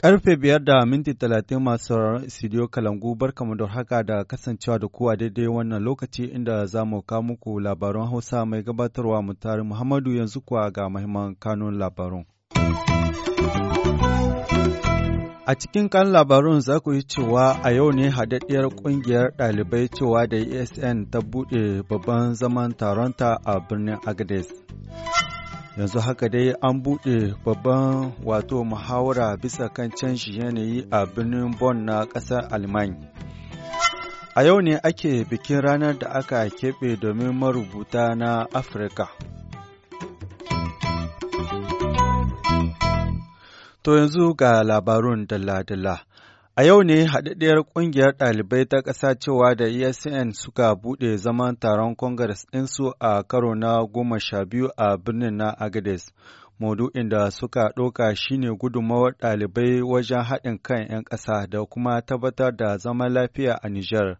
karfe biyar da minti talatin masu sauraron studio kalangu kama da haka da kasancewa da kuwa daidai wannan lokaci inda za mu kawo muku labaran hausa mai gabatarwa mutari muhammadu yanzu kuwa ga mahimman kanun labarun. A cikin kan labarun za ku yi cewa a yau ne hadaddiyar ƙungiyar ɗalibai cewa da ESN ta buɗe babban zaman taronta a birnin Agades. Yanzu haka dai an buɗe babban wato muhawara bisa kan canji yanayi a birnin Bonn na ƙasar Alman. A yau ne ake bikin ranar da aka keɓe domin marubuta na Afirka. To yanzu ga labarun dalla-dalla. A yau ne haɗaɗɗiyar ƙungiyar ɗalibai ta ƙasa cewa da ESN suka buɗe zaman taron Congress ɗinsu a karo na goma sha biyu a birnin na Agades. Maudu'in da suka ɗauka shine gudunmawar ɗalibai wajen haɗin kan 'yan ƙasa da kuma tabbatar da zaman lafiya a Nijar.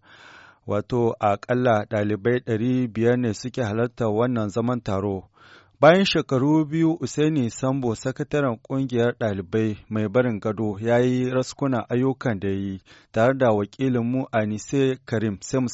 Wato, aƙalla ɗalibai ɗari biyar ne suke halarta wannan zaman taro. Bayan shekaru biyu Usaini Sambo, sakataren ƙungiyar ɗalibai mai barin gado ya yi raskuna ayyukan da yi tare da wakilin wakilinmu Anise Karim sai mu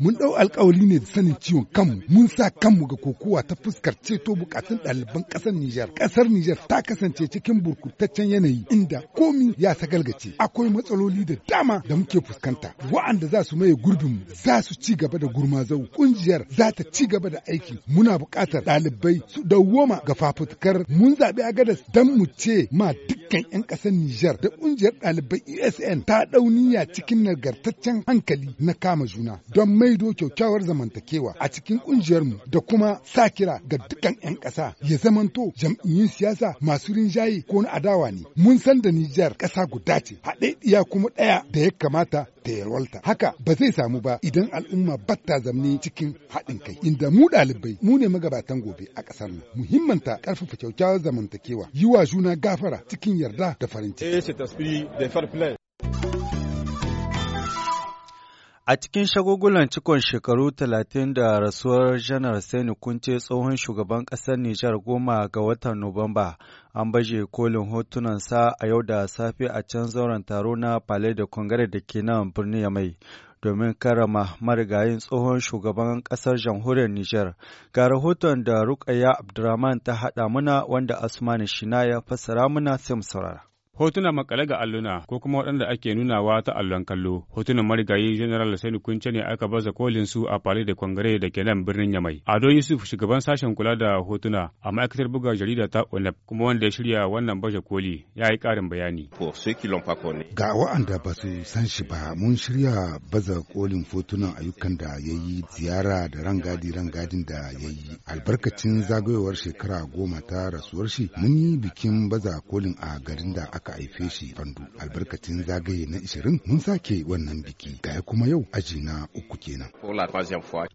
Mun ɗau alkawari ne da sanin ciwon kanmu, mun sa kanmu ga kokowa ta fuskar ceto bukatun ɗaliban ƙasar Nijar. Ƙasar Nijar ta kasance cikin burkutaccen yanayi inda komi ya sagalgace. Akwai matsaloli da dama da muke fuskanta. Wa'anda za su maye gurbinmu za su ci gaba da gurmazau. Ƙungiyar za ta ci gaba da aiki. muna buƙatar ɗalibai su dawoma ga fafutukar mun zaɓi agadas don mu ce ma duk dukkan 'yan ƙasar Nijar da ƙungiyar ɗalibai ESN ta ɗau niyya cikin nagartaccen hankali na kama juna don maido kyaukyawar zamantakewa a cikin ƙungiyarmu da kuma sa kira ga dukkan 'yan ƙasa ya zamanto jam'iyyun siyasa masu rinjaye ko na adawa ne. Mun san da Nijar ƙasa guda ce, haɗaɗɗiya kuma ɗaya da ya kamata ta yarwalta. Haka ba zai samu ba idan al'umma batta zamne cikin haɗin kai. Inda mu ɗalibai mu ne magabatan gobe a ƙasar nan. Muhimmanta ƙarfafa kyaukyawar zamantakewa, yi wa juna gafara cikin yarda da farin ciki. Eh, a cikin shagugulan cikon shekaru talatin da rasuwar Janar Sani Kunce tsohon shugaban ƙasar Nijar goma ga watan Nuwamba, an baje kolin hotunansa a yau da safe a can zauren taro na Palais da Kongare da ke nan birnin Yamai. domin karama marigayin tsohon shugaban ƙasar jamhuriyar Nijar. Ga rahoton da Rukaya Abdurrahman ta haɗa muna wanda Asmani Shina ya fassara muna sai mu saurara. Hotunan makale ga alluna ko kuma waɗanda ake nunawa ta allon kallo. Hotunan marigayi General Sani Kunce ne aka baza kolin su a fali da kongare da ke nan birnin Yamai. Ado Yusuf shugaban sashen kula da hotuna a ma'aikatar buga jarida ta ONEP kuma wanda ya shirya wannan baje koli ya yi ƙarin bayani. Ga wa'anda ba su san shi ba mun shirya baza kolin fotunan ayyukan da ya yi ziyara da rangadi rangadin da ya yi albarkacin zagayowar shekara goma ta rasuwar shi mun yi bikin baza kolin a garin da aka aka haife shi fandu albarkacin zagaye na 20 mun sake wannan biki ya kuma yau aji na uku kenan.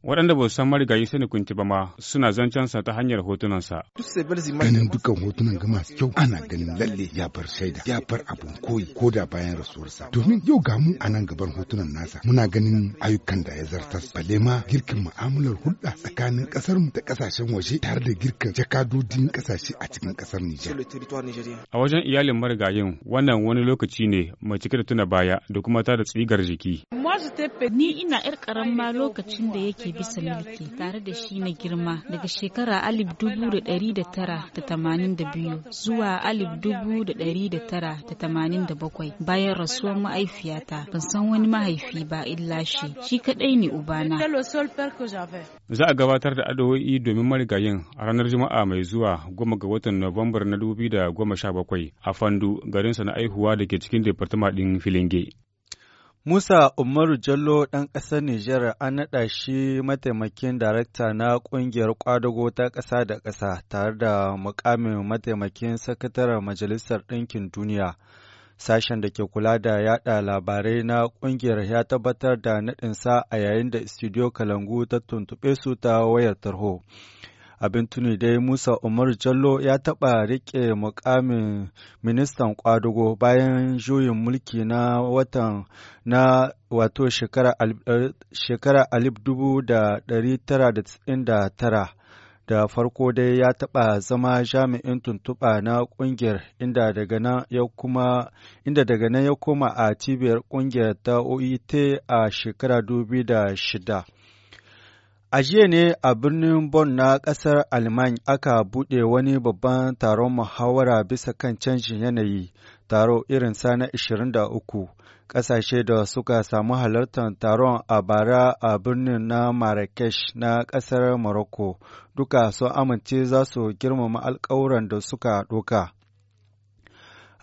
Waɗanda ba su san marigayi sani kunci ba ma suna sa ta hanyar hotunan sa. Ganin dukan hotunan ga masu kyau ana ganin lalle ya bar shaida ya bar abun koyi ko da bayan rasuwarsa domin yau ga mu a nan gaban hotunan nasa muna ganin ayyukan da ya zartas bale ma girkin mu'amalar hulɗa tsakanin ƙasar mu da ƙasashen waje tare da girkin jakadodin ƙasashe a cikin ƙasar Nijar. A wajen iyalin marigayi halin wannan wani lokaci ne mai cike da tuna baya da kuma ta da tsigar jiki. Ni ina 'yar karama lokacin da yake bisa mulki tare da shi na girma daga shekara alif dubu da dari da tara da tamanin da biyu zuwa alif dubu da dari da tara da tamanin da bakwai bayan rasuwar ma'aifiyata ban san wani mahaifi ba illa shi shi kaɗai ne ubana. Za a gabatar da addu'o'i domin marigayin a ranar Juma'a mai zuwa goma ga watan Nuwambar na dubu da goma sha bakwai a Fandu garinsa na aihuwa da ke cikin departama ɗin Filinge. Musa Umaru Jallo ɗan ƙasar Nijar an naɗa shi mataimakin darakta na ƙungiyar ƙwadago ta ƙasa da ƙasa tare da mukamin mataimakin sakataren Majalisar Ɗinkin Duniya. Sashen da ke kula da yaɗa labarai na ƙungiyar ya tabbatar da naɗinsa a yayin da Studio Kalangu ta tuntuɓe su ta wayar tarho. Abin tuni dai Musa Umar Jallo ya taɓa riƙe muƙamin ministan ƙwadago bayan juyin mulki na watan na wato shekara eh, alif dubu da ɗari tara da tsin da tara. da farko dai ya taɓa zama jami'in tuntuɓa na ƙungiyar inda daga nan ya koma a cibiyar ƙungiyar ta OIT e a shekara da shida. A jiya ne a birnin Bonn na ƙasar Alman aka buɗe wani babban taron muhawara bisa kan canjin yanayi, taro irin sa na 23. Ƙasashe da suka samu halartar taron a bara a birnin na Marrakesh na ƙasar Morocco duka sun amince za su girmama alƙawuran da suka ɗoka.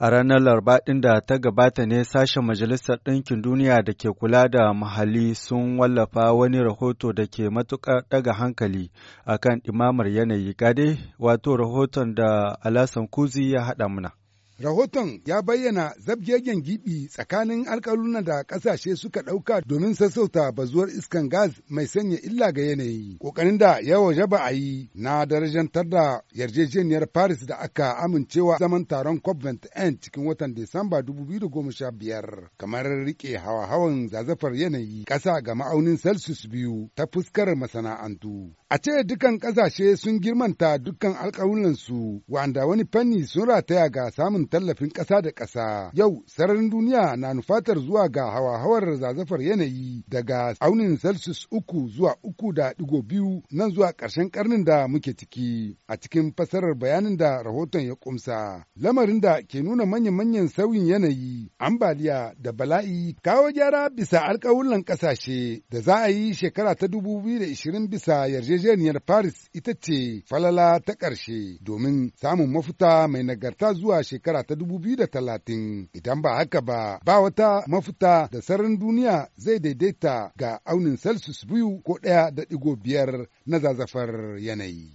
A ranar larba ɗin da ta gabata ne sashen Majalisar Ɗinkin Duniya da ke kula da muhalli sun wallafa wani rahoto da ke matuƙar ɗaga hankali akan imamar yanayi gade, wato rahoton da Alasan Kuzi ya haɗa muna. Rahoton ya bayyana zabgegen gibi tsakanin alkaluna da ƙasashe suka ɗauka domin sassauta bazuwar iskan gas mai sanya illa ga yanayi. Ƙoƙarin da ya waje ba a yi na darajantar da yarjejeniyar Paris da aka amincewa zaman taron COP21 cikin watan Disamba 2015 kamar rike hawa-hawan zazafar yanayi ƙasa ga ma'aunin Celsius biyu ta fuskar masana'antu. A ce dukkan ƙasashe sun girmanta dukkan alƙawulansu wanda wani fanni sun rataya ga samun tallafin ƙasa da ƙasa. Yau sararin duniya na nufatar zuwa ga hawa-hawar zazafar yanayi daga aunin Celsius uku zuwa uku da digo biyu nan zuwa ƙarshen ƙarnin da muke ciki a cikin fasarar bayanin da rahoton ya ƙumsa. Lamarin da ke nuna manya-manyan sauyin yanayi, ambaliya da bala'i kawo gyara bisa alƙawullan ƙasashe da za a yi shekara ta dubu biyu da ishirin bisa yarjejeniyar Paris ita ce falala ta ƙarshe domin samun mafuta mai nagarta zuwa shekara shekara ta talatin idan ba haka ba ba wata mafita da sararin duniya zai daidaita ga aunin celsius biyu ko ɗaya da ɗigo biyar na zazafar yanayi.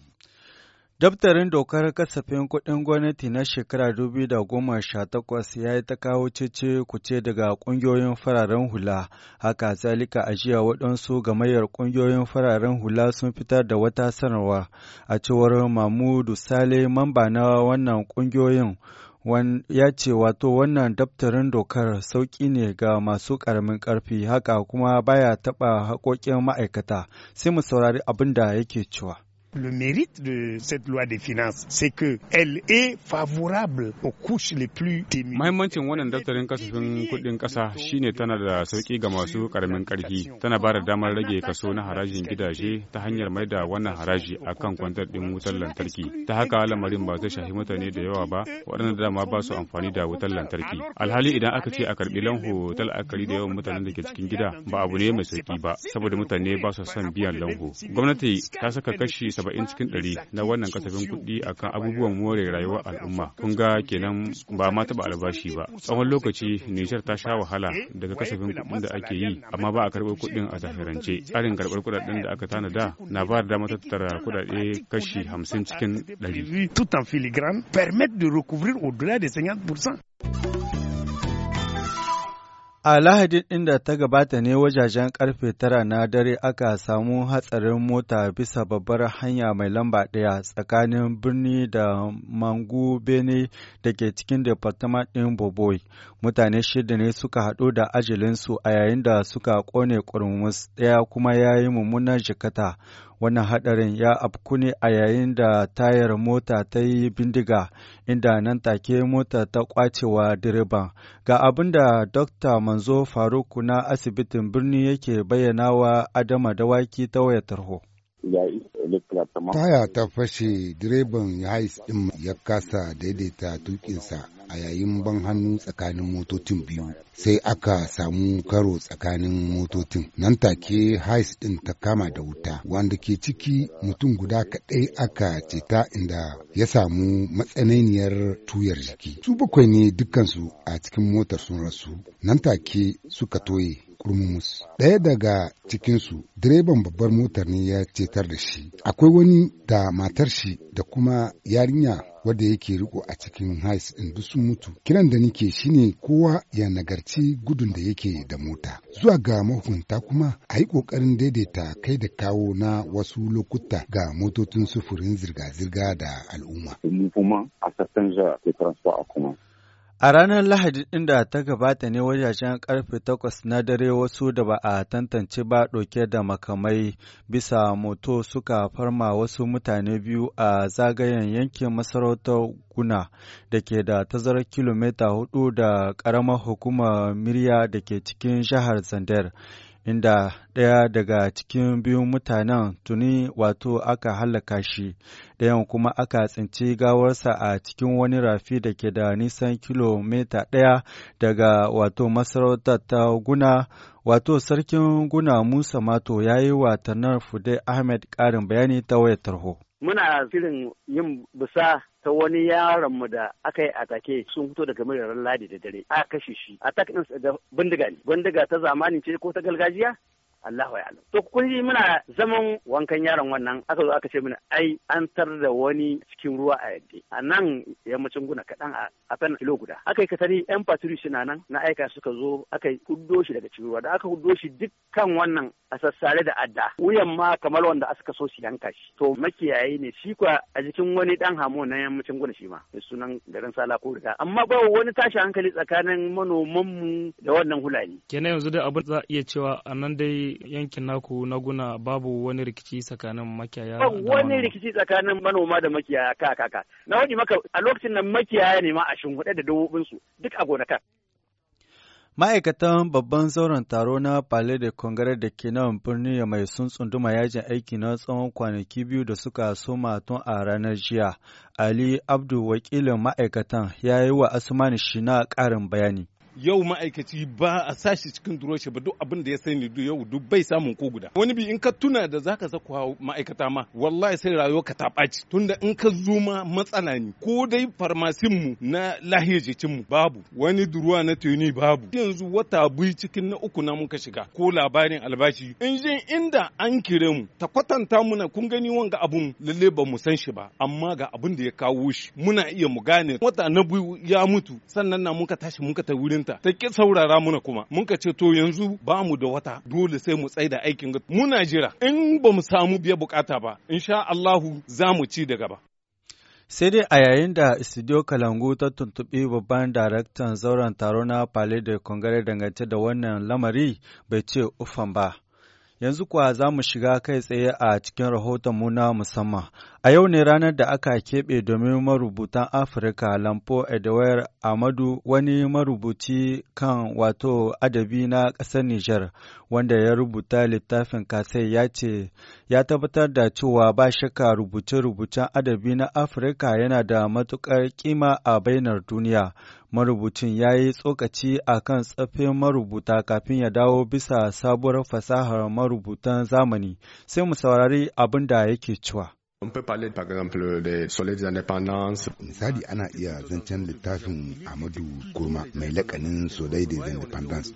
Daftarin dokar kasafin kuɗin gwamnati na shekara 2018 ya yi ta kawo cece kuce daga ƙungiyoyin fararen hula, haka zalika a jiya waɗansu gamayyar ƙungiyoyin fararen hula sun fitar da wata sanarwa a cewar Mamudu Sale mamba na wannan ƙungiyoyin. ya ce wato wannan daftarin dokar sauƙi ne ga masu ƙaramin ƙarfi haka kuma baya taɓa haƙoƙin ma'aikata sai mu saurari abin da yake cewa. Le mérite de cette loi des finances, c'est que elle est favorable aux couches les plus démunies. Mahimmancin wannan daftarin kasafin kuɗin ƙasa shine tana da sauƙi ga masu ƙaramin ƙarfi, tana ba da damar rage kaso na harajin gidaje ta hanyar mai da wannan haraji kan kwantar ɗin wutar lantarki. Ta haka lamarin ba zai shafi mutane da yawa ba waɗanda dama ba su amfani da wutar lantarki. Alhali idan aka ce a karɓi lanho ta la'akari da yawan mutanen da ke cikin gida ba abu ne mai sauƙi ba saboda mutane ba su son biyan lanho. Gwamnati ta saka kashi saba'in cikin ɗari na wannan kasafin kuɗi kan abubuwan more rayuwar al'umma kun ga kenan ba ma taɓa albashi ba tsawon lokaci nijar ta sha wahala eh, daga kasafin kuɗin da ake yi amma ba a karɓar kuɗin a zahirance tsarin karɓar kuɗaɗen da aka tanada na ba da dama tattara kuɗaɗe kashi hamsin cikin ɗari. Tout en filigrane permettre de recouvrir au-delà de 50%. A Lahadin inda ta gabata ne wajajen karfe tara na dare aka samu hatsarin mota bisa babbar hanya mai lamba ɗaya tsakanin birni da Mangu Bene da ke cikin Departement ɗin Boboi. Mutane shida ne suka haɗu da ajilinsu a yayin da suka ƙone ƙurmus ɗaya kuma ya yi mummunan jikata. Wannan haɗarin ya afku ne a yayin da tayar mota ta yi bindiga, inda nan take mota ta kwacewa direban. Ga abin da Dr. Manzo Faruku na asibitin birni yake bayyana wa Adama Dawaki ta wayar tarho. Taya ta fashe direban ya ɗin ya kasa daidaita tukinsa a yayin ban hannu tsakanin motocin biyu sai aka samu karo tsakanin motocin nan take hais din ta kama da wuta wanda ke ciki mutum guda kaɗai aka ceta inda ya samu matsananiyar tuyar jiki su bakwai ne dukkansu a cikin motar sun rasu nan take suka toye kurmumus ɗaya daga cikinsu direban babbar motar ne ya cetar da shi akwai wani da matar shi da kuma yarinya wanda yake riko a cikin hais ɗin duk sun mutu kiran da nike shine kowa ya nagarci gudun da yake da mota zuwa ga mahukunta kuma a yi ƙoƙarin daidaita kai da kawo na wasu lokuta ga motocin sufurin zirga-zirga da al'umma. A ranar Lahadi ɗin da ta gabata ne wajajen karfe takwas na dare wasu da ba a tantance ba ɗauke da makamai bisa moto suka farma wasu mutane biyu a zagayen yankin masarautar Guna da ke da tazarar kilomita hudu da ƙaramar hukumar Mirya da ke cikin jihar Zandar. inda ɗaya daga cikin biyun mutanen tuni wato aka hallaka shi, ɗayan kuma aka tsinci gawarsa a cikin wani rafi da ke da nisan kilomita ɗaya daga wato masarautar ta guna. Wato sarkin guna Musa Mato ya yi wa Tanar Fude Ahmed ƙarin bayani ta wayar tarho. Muna shirin yin bisa ta wani yaron mu da aka yi atake sun fito daga muraren ladi da dare a kashe shi atak din bindiga ne bindiga ta zamani ce ko ta gargajiya Allah ya alam. To kun ji muna zaman wankan yaron wannan aka zo aka ce mana ai an tar da wani cikin ruwa a yadda. A nan yammacin guna kaɗan a fan kilo guda. Aka yi katari yan faturi suna nan na aika suka zo aka yi kuddo shi daga cikin ruwa da aka kuddo shi dukkan wannan a sassare da adda. Wuyan ma kamar wanda aka so su yanka shi. To makiyayi ne shi kuwa a jikin wani ɗan hamo na yammacin guna shi ma. Sunan garin Sala ko riga. Amma ba wani tashi hankali tsakanin manomanmu da wannan hulani. Kenan yanzu da abin za a iya cewa a nan dai yankin naku na guna babu wani rikici tsakanin makiyaya da wani rikici tsakanin manoma da makiyaya ka na wani maka a lokacin nan makiyaya ne ma a shimfiɗe da dawobinsu su duk a gonakan Ma'aikatan babban zauren taro na Palais de Congrès da ke nan birni mai sun tsunduma yajin aiki na tsawon kwanaki biyu da suka soma tun a ranar jiya. Ali Abdu wakilin ma'aikatan ya yi wa Asmani Shina karin bayani. yau ma'aikaci ba a sashi cikin duroshi ba duk abin da ya sani duk yau duk bai samun ko guda wani bi in ka tuna da zaka sako ma'aikata ma wallahi sai rayuwa ka ta ɓaci tunda in ka zo ma matsala ne ko dai farmasin mu na lahiyar mu babu wani duruwa na tuni babu yanzu wata biyu cikin na uku na muka shiga ko labarin albashi in jin inda an kire mu ta kwatanta muna kun gani wanga abun lalle ba mu san shi ba amma ga abin da ya kawo shi muna iya mu gane wata na biyu ya mutu sannan na muka tashi muka ta wurin bakinta ta ki saurara muna kuma mun ka ce to yanzu ba mu da wata dole sai mu tsaida aikin muna jira in ba mu samu biya bukata ba insha Allahu za mu ci da gaba Sai dai a yayin da Studio Kalangu ta tuntuɓi babban daraktan zauren taro na Palais de Congrès dangance da wannan lamari bai ce ufan ba. Yanzu kuwa za mu shiga kai tsaye a cikin rahoton mu na musamman. A yau ne ranar da aka keɓe domin marubutan Afirka Lampo Edewar Amadu wani marubuci kan wato adabi na ƙasar Nijar wanda ya rubuta littafin kasai ya ce ya tabbatar da cewa ba shaka rubuce-rubucen adabi na Afirka yana da matuƙar kima a bainar duniya. Marubucin ya yi tsokaci a kan tsaffin marubuta kafin ya dawo bisa sabuwar fasahar marubutan zamani. Sai mu saurari abin da yake cewa. On peut parler par exemple des soleils Misali ana iya zancen littafin Amadu Kurma mai lakanin soleil des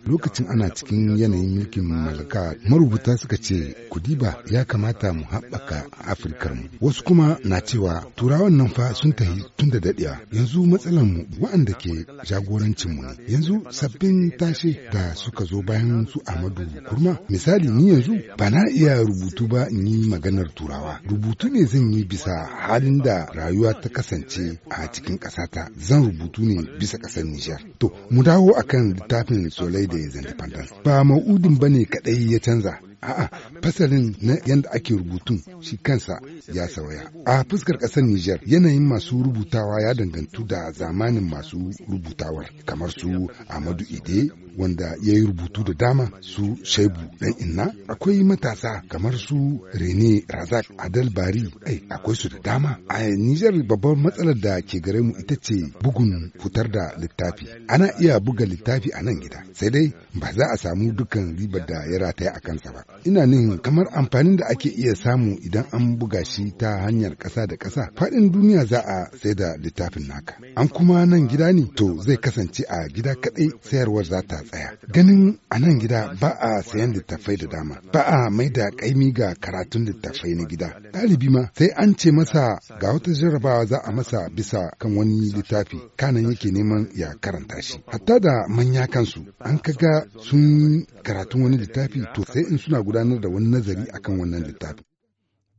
Lokacin ana cikin yanayin mulkin mallaka marubuta suka ce kudiba ya kamata mu haɓaka Afirkar mu. Wasu kuma na cewa turawan nan fa sun tahi tun da daɗewa Yanzu matsalar mu waɗanda ke jagorancin mu ne. Yanzu sabbin tashe da suka zo bayan su Amadu Kurma. Misali ni yanzu ba na iya rubutu ba in yi maganar turawa. Rubutu ne zai zan yi bisa halin da rayuwa ta kasance a cikin ƙasata zan rubutu ne bisa ƙasar Nijar. To, mu dawo a kan littafin Solai da Independence. Ba ma'udin ba ne kaɗai ya canza, A'a, fasalin na yadda ake rubutun shi kansa ya sauya. A fuskar ƙasar Nijar, yanayin masu rubutawa ya dangantu da zamanin masu rubutawar, kamar su Amadu Ide, wanda ya yi rubutu da dama su Shaibu dan Inna. Akwai matasa kamar su Rene Razak Adal Bari, ai, akwai su da dama. A Nijar babbar matsalar da ke gare mu ita ce bugun fitar da littafi. Ana iya buga littafi a nan gida, sai dai ba za a samu dukkan ribar da ya rataya a kansa ba. ina nin kamar amfanin da ake iya samu idan an buga shi ta hanyar kasa da ƙasa faɗin duniya za a sai da littafin naka an kuma nan gida ne to zai kasance a gida kaɗai sayarwar za ta tsaya ganin a nan gida ba a sayan littafai da dama ba a mai da ƙaimi ga karatun littafai na gida ɗalibi ma sai an ce masa ga wata jarrabawa za a masa bisa kan wani littafi kanan yake neman ya karanta shi hatta da manya kansu an kaga sun karatun wani littafi to sai in suna suna gudanar da wani nazari akan wannan littafi.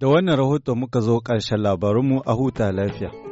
Da wannan rahoton muka zo ƙarshen labarunmu a huta lafiya.